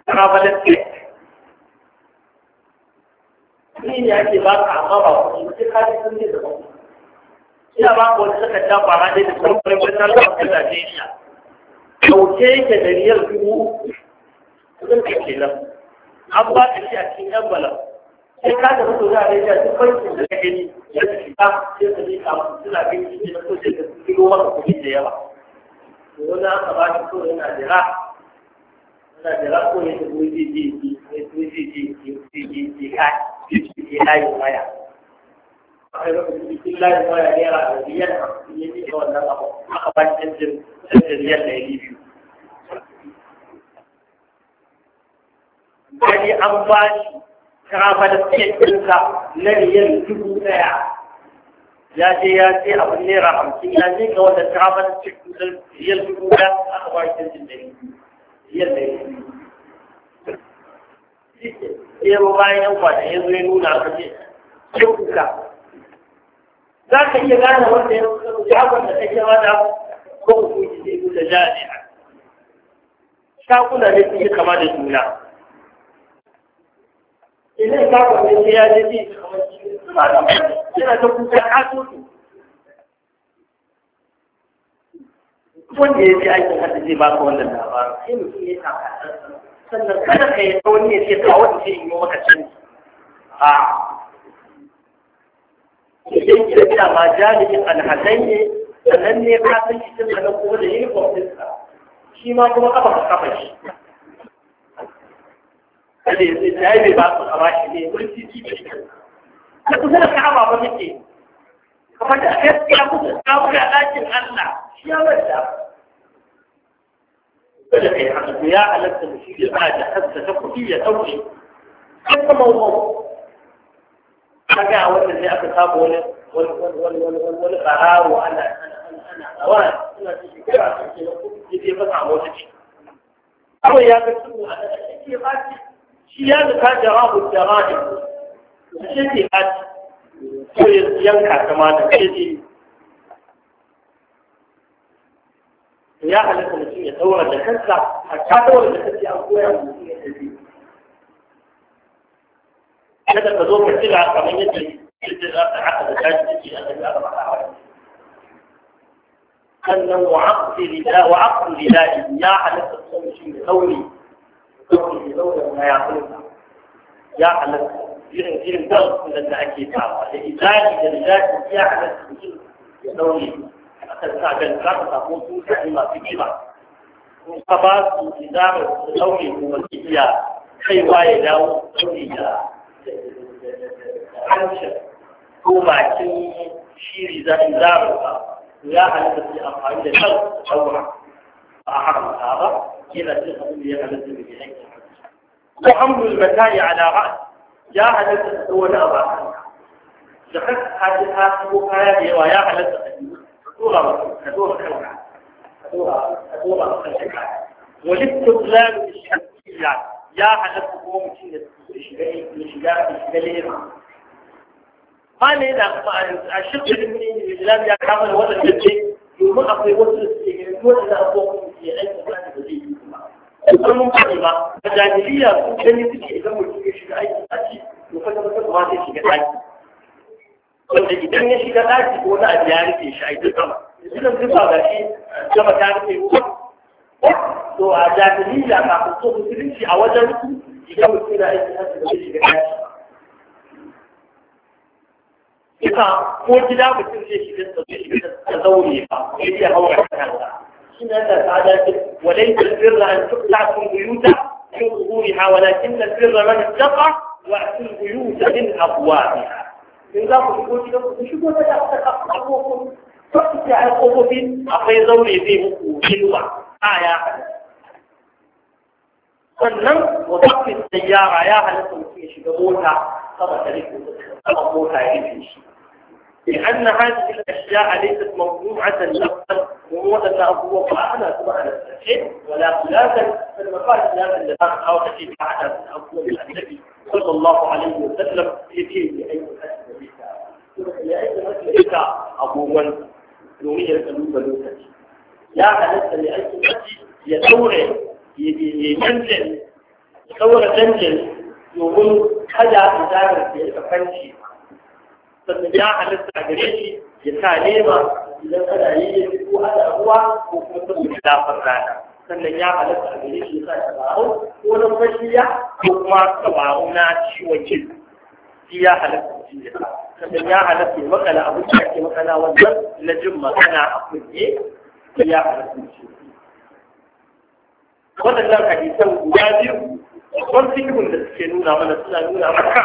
Travel kuɗi ne ake ba ka amma ba kuɗi sai ka ji sun ne da kuɗi ina ba ka wani takarda kwara ɗaya da sarkar wannan lafiyar Najeriya dauke yake da riyar dubu kuɗin ka ke nan an ba ka shi a cikin yan balan sai ka tafi to za a rage duk bankin da ka gani ya shiga sai ka ne ka suna gani ne na da sun kiro maka kuɗi da yawa to wani aka ba shi kawai yana jira yana jira ko ya tafi wani zai je ya je ya je ya je je ke layin ba canjin canjin da ya biyu an ba shi travel ɗinsa na riyal dubu ɗaya ya je ya ce abin naira hamsin ya je ga wanda da ticket ɗin riyal dubu ɗaya aka ba shi canjin da riyal biyu sai ba bayan yan kwata ya zo ya nuna aka ce ke kuka za ka iya gane wanda ya rubuta shagon da kake ma da ko hukunci zai nuna jami'a shaguna ne sun yi kama da juna idan shagon ne sai ya je zai yi kamar shi suna da yana ta kuka kasuwa wanda ya ji aikin hada zai baka wannan labarin sai mutum ya kaka sannan kada ka yi wani ne ce ka wani ke in yi maka canji a idan ki da ma jami'in alhazai ne sannan ne ka san shi cin da kuma da yin kwamfuta. shi ma kuma kafa ka kafa shi kada ya ce ta yi bai ba su kama shi ne mulki ci da shi ka kusa da kama ba muke kamar da gaskiya kusa ta wuce ɗakin Allah shi ya wadda بدأ يعمل يا علمت مشير بعد حتى تقضية أولي حتى موضوع حاجة أولا اللي أكتاب ولا ولا ولا ولا ولا قرار وأنا أنا أنا أنا أوان أنا تشكير عشان تلقوا بس عم وجهي أو يا بسم أنا أشتي غاتي شيان كان جراب الجرائم أشتي غاتي ينكع كمان أشتي يا علمت daura da kansa hatta daura da kansa an koya mutum ya tafi kada ka zo ka tira kamar yadda yadda za ka haka da tashi da ke annabi aka faɗa wa sannan wa'aqdi lida wa'aqdi lida ya halatta sun shi da sauri sauri da sauri na ya kulka ya halatta irin irin dalilin da ake tawa da izali da rijali ya halatta sun shi da sauri akan sa gan za ka samu sun masu kima in ka ba su izamar su ɗaure kuma su iya kaiwa ya dawo ɗaure da hancin ko bakin shiri za in zarar ba ya halitta su amfani da kan ɗaura ba a haramta ba yana cin abin da ya halitta da ke hankin ko hamdul mata'i ala ra's ya halitta su wani abu da kan kaji ta ko kaya da yawa ya halitta ka dora ka dora kanka الصورة الصورة الشكاية والاستغلال الشخصية يا حدث هو مشكلة مشكلة مشكلة ما ne da a shirin ne Islam ya kama da wannan dace domin akwai wasu suke ganin dole da abubuwan da ke aiki ba da zai yi ba kuma mun fadi ba a jahiliya sun gani suke idan mutum ya shiga aiki aci to fa da mutum ma zai shiga aiki wanda idan ya shiga aiki ko na abu ya rufe shi a ita sama idan zuba ga shi gaba ta rufe ruwa to a jahiliya kafin so musulunci a wajen su idan mutum na aiki hasu da shi da kashi Ika ko gida mutum zai shiga sauke shiga ta zaune ba, ya iya haura kansa. Shi ne da tsada ce, walai da birra an tukta sun buyuta, sun zuhuriha, walakin da birra man dafa wa sun buyuta din abuwa. In za ku shigo gidan ku shigo da ta kafa abubuwan tabbata a ƙofofin akwai zaure zai muku آية a ya السيارة wa tabbin yara ya halatta mutum ya shiga mota لأن هذه الأشياء ليست موضوعة لفظا وموضة أبوه فأنا سبحانه الشيء ولا خلافا فالمقال خلافا لها أو تشيء بعد أبوه النبي صلى الله عليه وسلم يجيب لأي حسن بك يا أي بك أبوه domin ya rika duba lokaci ya halatta ne aiki hajji ya daure ya yi danjin daure danjin domin kada a zarar da ya rika fanci sannan ya halatta a gare shi ya sa nema idan ana yi ya fito ana ruwa ko kuma sun da dafar rana sannan ya halatta a gare shi ya sa tabarau ko na fashiya ko kuma tabarau na ciwon jini يا حلقة sannan ya halatta makala abin da ake makala wannan na jin magana a kunne ya halatta shi waɗannan hadisan guda biyu babban fikirin da suke nuna mana suna nuna maka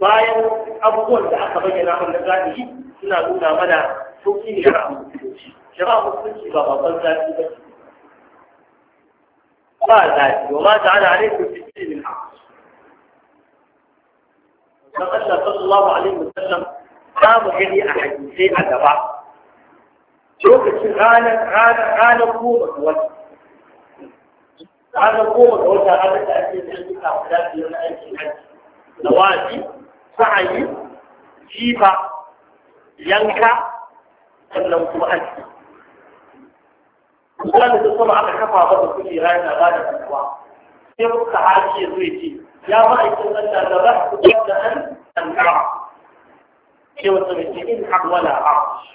bayan abubuwan da aka bayyana mana zahiri suna nuna mana sauki ne ga musulunci shari'a musulunci ba babban zafi ba ba zafi wa ma ta'ala alaikum fi dinin haqq فقال صلى الله عليه وسلم قاموا هذه أحاديثين على بعض شوف الشيء غانا غانا غانا قوبة الوجه غانا قوبة الوجه غانا تأثير من الكتاب لا في يوم نوازي سعي جيبا ينكا سلم سبحانه وقال لسلم على كفا بطل كل غانا غانا قوبة يبقى عاشي الويتين يا رأيت أن ذبحت قبل أن أنحر يوم سميتي انحر ولا عرش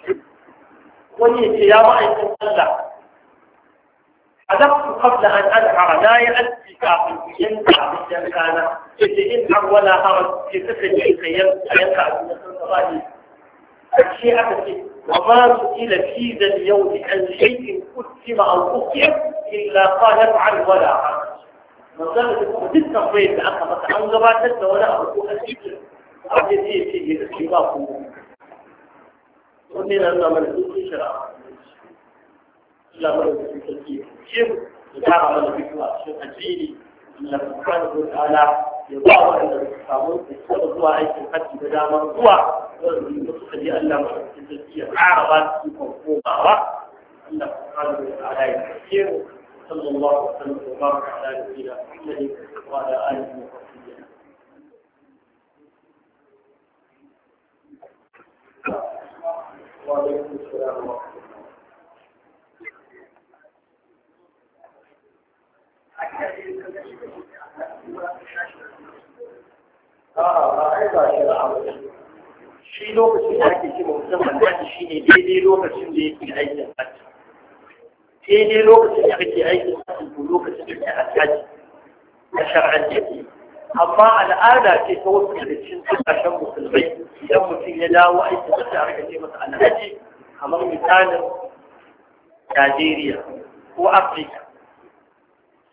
وليت يا رأيت أن حذفت قبل أن أنحر لا يأتي كافي ينفع بالجمكانة إذا انحر ولا عرش في سفر ينفع بالجمكانة الشيء أكثر وما سئل في ذا اليوم عن شيء قسم أو أخر إلا قال افعل ولا عرش manzon da kuma duk da aka masa an gabatar da wani abu ko hadisin abin ya ce ya ce ba ku wannan yana nuna mana duk shari'a Ila mana da sarki shi da ta mana da kuma cikin addini Allah subhanahu wa ta'ala ya ba wa da samu da zuwa aikin hajji da damar zuwa wanda suka ji Allah a da sarki ya ƙara ba su kuma komawa Allah subhanahu wa ta'ala ya kashe صلى الله وسلم وبارك على نبينا محمد وعلى اله وصحبه السلام a'a ba shari'a ba shi lokacin da ake ce musamman shi ne daidai lokacin da yake aikin hajji sai lokacin da kake aikin hajji ko lokacin da kake hajji na shar'an yake amma al'ada ce ta wasu daga cikin kasashen musulmai idan mutum ya dawo aikin hajji a rikace masa alhaji kamar misalin Najeriya ko Afirka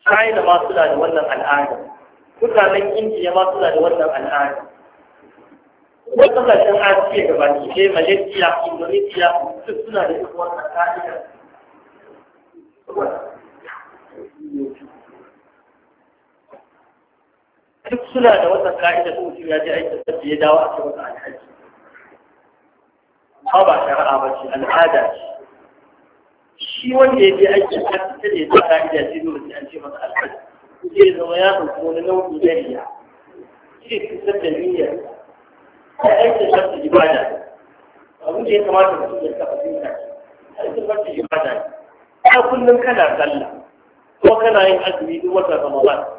China ma suna da wannan al'ada mutanen Indiya ma suna da wannan al'ada wasu kasashen Asiya gabaki ɗaya Malaysia Indonesia duk suna da irin wannan al'ada هناك ان يكون سلاله وتقاعده في هذه عيد التبديه دواء طبعا يا عابس الحادث شي وجه دي عيد التبديه تقاعده في دور الانشاء الحادث في روايات تقول انه مدنيا في تسبيه هي عيد التبديه يكون ابو جه كمان في التقديم التبديه بعد كل من كان صلى وكان يعزمي دوله رمضان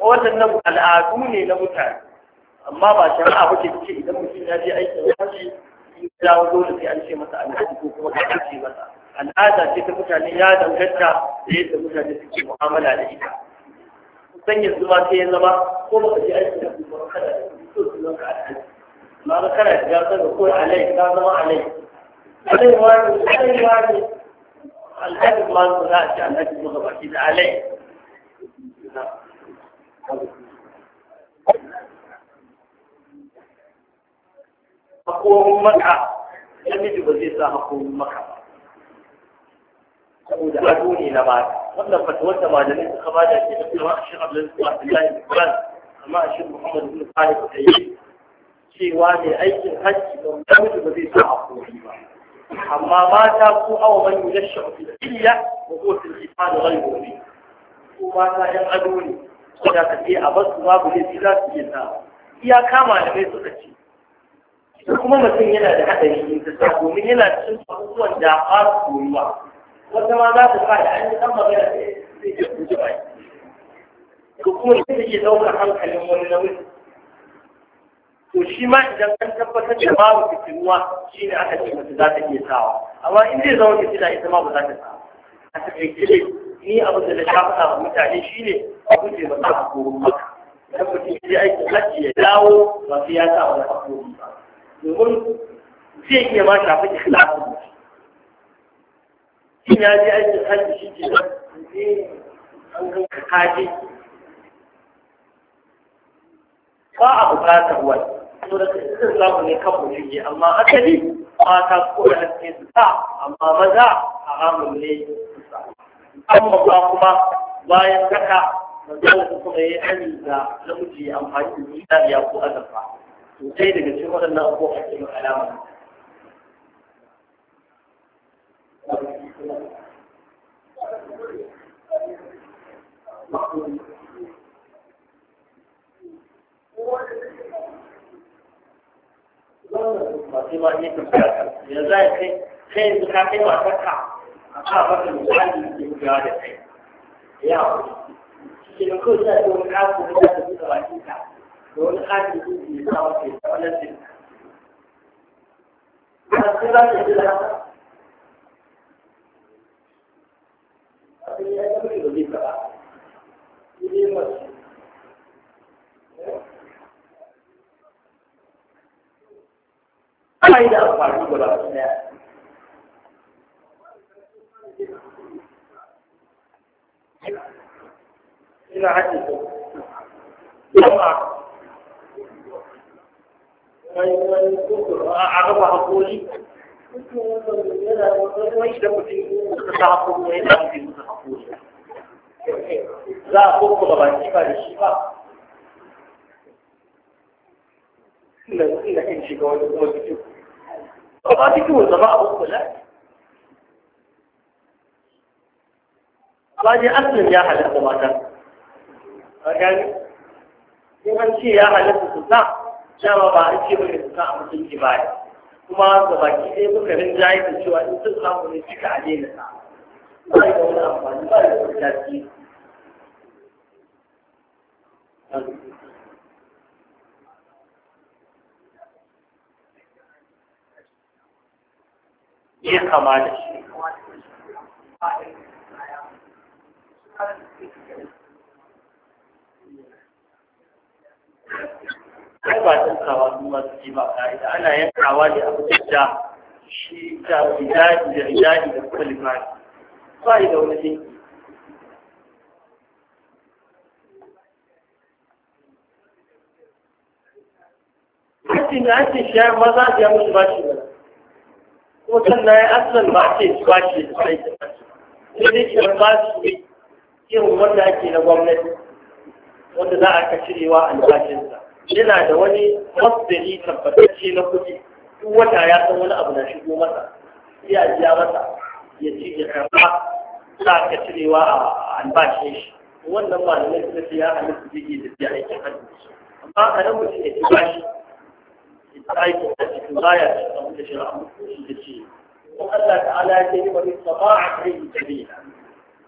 waɗannan al'adu ne na mutane amma ba shari'a a ce ce idan mutum ya je aikin hajji in dawo dole sai an ce masa al'adu ko kuma ka ce masa al'ada ce ta mutane ya danganta da yadda mutane suke mu'amala da ita kusan yanzu ma sai ya zama ko ba ka je aikin hajji ba kada da so sunan ka al'adu, amma ka kana shiga kan ko alai ka zama alai alai wani alai ne alhaji ma za a ce alhaji ma gaba ki da alai hakorin maka namiji ba zai sa hakorin maka saboda ado ne na ba wannan fata wata fatawar da malamai suka ba da ke na cewa a shirin Abdullahi bin Quran amma a shirin Muhammadu bin Salih ta yi cewa ne aikin hajji don namiji ba zai sa hakori ba amma mata ko awa man yashshu fil ilya wa ko fil ifad ghayru ko mata yan ado ne ko da ka ce a basu babu su za su iya ta iya kama da mai suka ce kuma mutum yana da haɗari yin ta sa domin yana cikin abubuwan da ba su koyuwa wata ma za ta sa da an yi kan magana da zai ke ji ba ko kuma ne take daukar hankalin wani namiji to shi ma idan an tabbatar da babu fitinuwa shi ne aka ce mace za ta iya sawa amma in zai zama fitina ita ma ba za ta sa a taƙaice ni abin da na sha faɗa wa mutane shi ne a guje masa a koron maka idan mutum ya aikin hajji ya dawo ba sai ya sa wani haƙori ba domin zai iya ma shafi ikhlasin mutum in ya je aiki hajji shi ke nan an gan ka kaje ba a buƙatar wani to da kan samu ne kan mutum amma asali mata ko da haske su sa amma maza a amin ne amma ba kuma bayan haka manzon kuma ya hani da namiji ya amfani da zinariya ko azurfa to sai daga cikin waɗannan abubuwa ake yin alama ba sai ma ne tafiya yanzu ya kai kai yanzu ka kai matarka a sa maka misali da ke da kai ya wuri shi da kawai sa da wani kafu da ta fi bakin ka da wani kafu da ke sa maka ya taɓa lantin ka a sai za ta yi da haka a sai ya yi da mai da zai taɓa shi ne masu ana yi da amfani da ba su daya ina haɗe kuma a raba haƙori za a kurkura baki ba da shi ba ina kan shiga wani kuma cikin ba ba cikin wanda ba a kurkura ba dai asalin ya halatta mata a gani in an ce ya halatta su sa dama ba an ce bane su sa a ba baya kuma ga baki ɗaya muka rinjaye da cewa in sun samu ne suka a daina sa ba wani amfani ba wani ya kama shi ai ba tankawa su masu su ba ka'ida ana yankawa ne a fitar da shi ta da rijali da kuma ba yi da wani dinki Hakin da ake shayar maza da ya mutu ba shi ba. Kuma sannan ya asalin ba ake ba shi da sai da ba shi. Sai dai shi ba shi irin wanda ake na gwamnati wanda za a ka cirewa albashinsa yana da wani masdari tabbatacce na kuɗi duk wata ya san wani abu na shigo masa sai a biya masa ya ci ya karɓa za a ka cirewa a albashin shi wannan malamai suka ce ya halitta jirgi da biya aikin hannu amma a nan mutum ya ci bashi aikin da cikin baya cikin abin da shari'a mutum shi da Ko Allah ta'ala ya ce ni wani min a kai sabila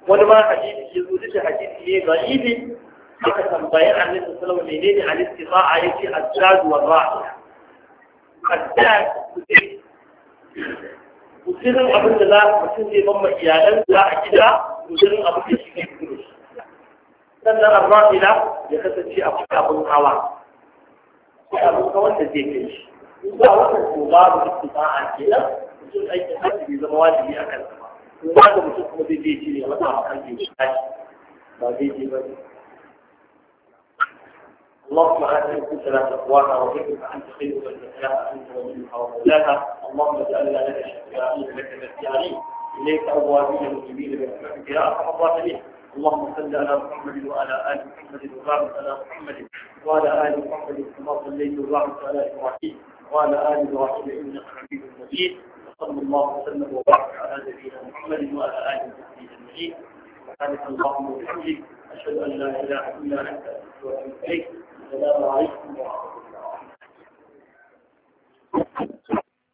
wani ma hadisi ya zo duka hadisi ne galibi aka tambayi annabi sallallahu alaihi wasallam ne al-istifa'a yace al-jadu wa ra'i kaddar kusirin abin da za mutum zai bamma iyalan za a gida kusirin abin da shi ne kudu sannan al-ra'ila ya kasance a akwai abin hawa akwai abin hawan da zai kai shi in ba wannan ko babu istifa'a kenan mutum aikin hajji bai zama wajibi a kansa in ba ka mutum kuma zai je cire wata a kan yin shi خير من زكاها أنت وليها ومولاها اللهم اجعلنا لك شكرائين لك مستعين إليك أوابين مجيبين برحمتك يا أرحم الراحمين اللهم صل على محمد وعلى آل محمد وبارك على محمد وعلى آل محمد كما صليت وبارك على إبراهيم وعلى آل إبراهيم إنك حميد مجيد صلى الله وسلم وبارك على نبينا محمد وعلى اله وصحبه اجمعين سبحانك اللهم وبحمدك اشهد ان لا اله الا انت استغفرك واتوب اليك السلام عليكم ورحمه الله وبركاته